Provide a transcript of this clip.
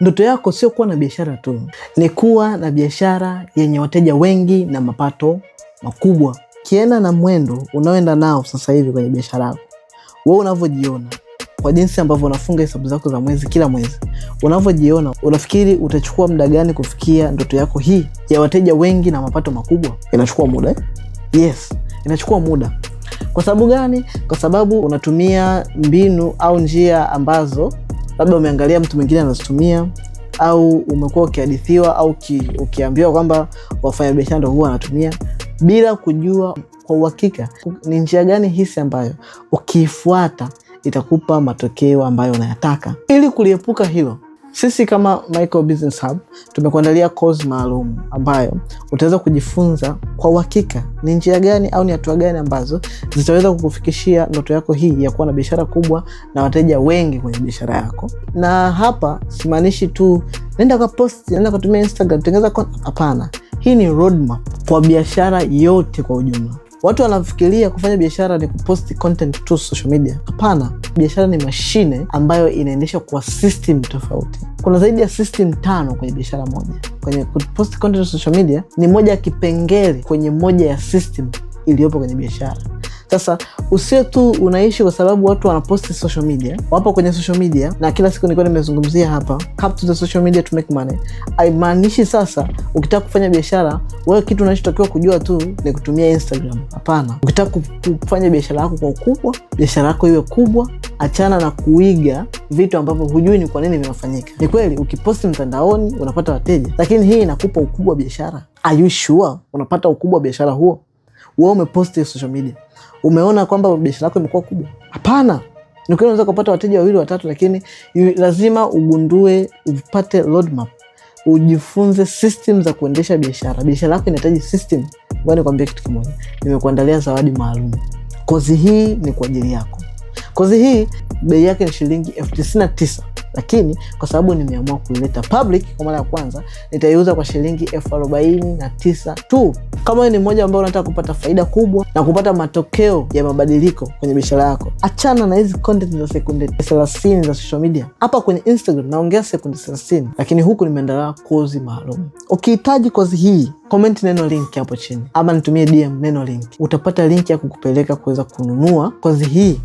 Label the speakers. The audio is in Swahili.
Speaker 1: Ndoto yako sio kuwa na biashara tu, ni kuwa na biashara yenye wateja wengi na mapato makubwa. Kiena na mwendo unaoenda nao sasa hivi kwenye biashara yako, wewe unavyojiona, kwa jinsi ambavyo unafunga hesabu zako za mwezi kila mwezi, unavyojiona, unafikiri utachukua muda gani kufikia ndoto yako hii ya wateja wengi na mapato makubwa?
Speaker 2: Inachukua muda eh?
Speaker 1: Yes, inachukua muda. Kwa sababu gani? Kwa sababu unatumia mbinu au njia ambazo labda umeangalia mtu mwingine anazitumia au umekuwa ukihadithiwa au ki, ukiambiwa kwamba wafanyabiashara ndo huwa wanatumia bila kujua kwa uhakika ni njia gani hisi ambayo ukiifuata itakupa matokeo ambayo unayataka. Ili kuliepuka hilo, sisi kama Micro Business Hub tumekuandalia course maalum ambayo utaweza kujifunza kwa uhakika ni njia gani au ni hatua gani ambazo zitaweza kukufikishia ndoto yako hii ya kuwa na biashara kubwa na wateja wengi kwenye biashara yako. Na hapa simaanishi tu naenda kwa post, naenda kutumia Instagram, tengeza Hapana, hii ni roadmap kwa biashara yote kwa ujumla. Watu wanafikiria kufanya biashara ni kupost content tu social media. Hapana, biashara ni mashine ambayo inaendeshwa kwa system tofauti. Kuna zaidi ya system tano kwenye biashara moja. Kwenye kupost content social media ni moja ya kipengele kwenye moja ya system iliyopo kwenye biashara. Sasa usio tu unaishi kwa sababu watu wanaposti social media, wapo kwenye social media, na kila siku nilikuwa nimezungumzia hapa to the social media to make money. Haimaanishi sasa ukitaka kufanya biashara wewe, kitu unachotakiwa kujua tu ni kutumia Instagram. Hapana, ukitaka kufanya biashara yako kwa ukubwa, biashara yako iwe kubwa, achana na kuiga vitu ambavyo hujui ni kwa nini vinafanyika. Ni kweli ukiposti mtandaoni unapata wateja, lakini hii inakupa ukubwa wa biashara? Are you sure unapata ukubwa wa biashara huo? wewe umeposti social media, umeona kwamba biashara yako imekuwa kubwa? Hapana, ni kweli unaweza kupata wateja wawili watatu, lakini lazima ugundue, upate roadmap, ujifunze system za kuendesha biashara. Biashara yako inahitaji system. Ngoja nikwambie kitu kimoja, nimekuandalia zawadi maalum. Kozi hii ni kwa ajili yako. Kozi hii bei yake ni shilingi elfu tisini na tisa lakini kwa sababu nimeamua kuileta public kwa mara ya kwanza, nitaiuza kwa shilingi elfu arobaini na tisa tu. Kama ni mmoja ambao unataka kupata faida kubwa na kupata matokeo ya mabadiliko kwenye biashara yako, achana na hizi content za sekunde thelathini za social media. Hapa kwenye Instagram naongea sekunde thelathini, lakini huku nimeandaa kozi maalum. Ukihitaji kozi hii Comment neno link hapo chini ama nitumie DM neno link, utapata link ya kukupeleka kuweza kununua kozi hii.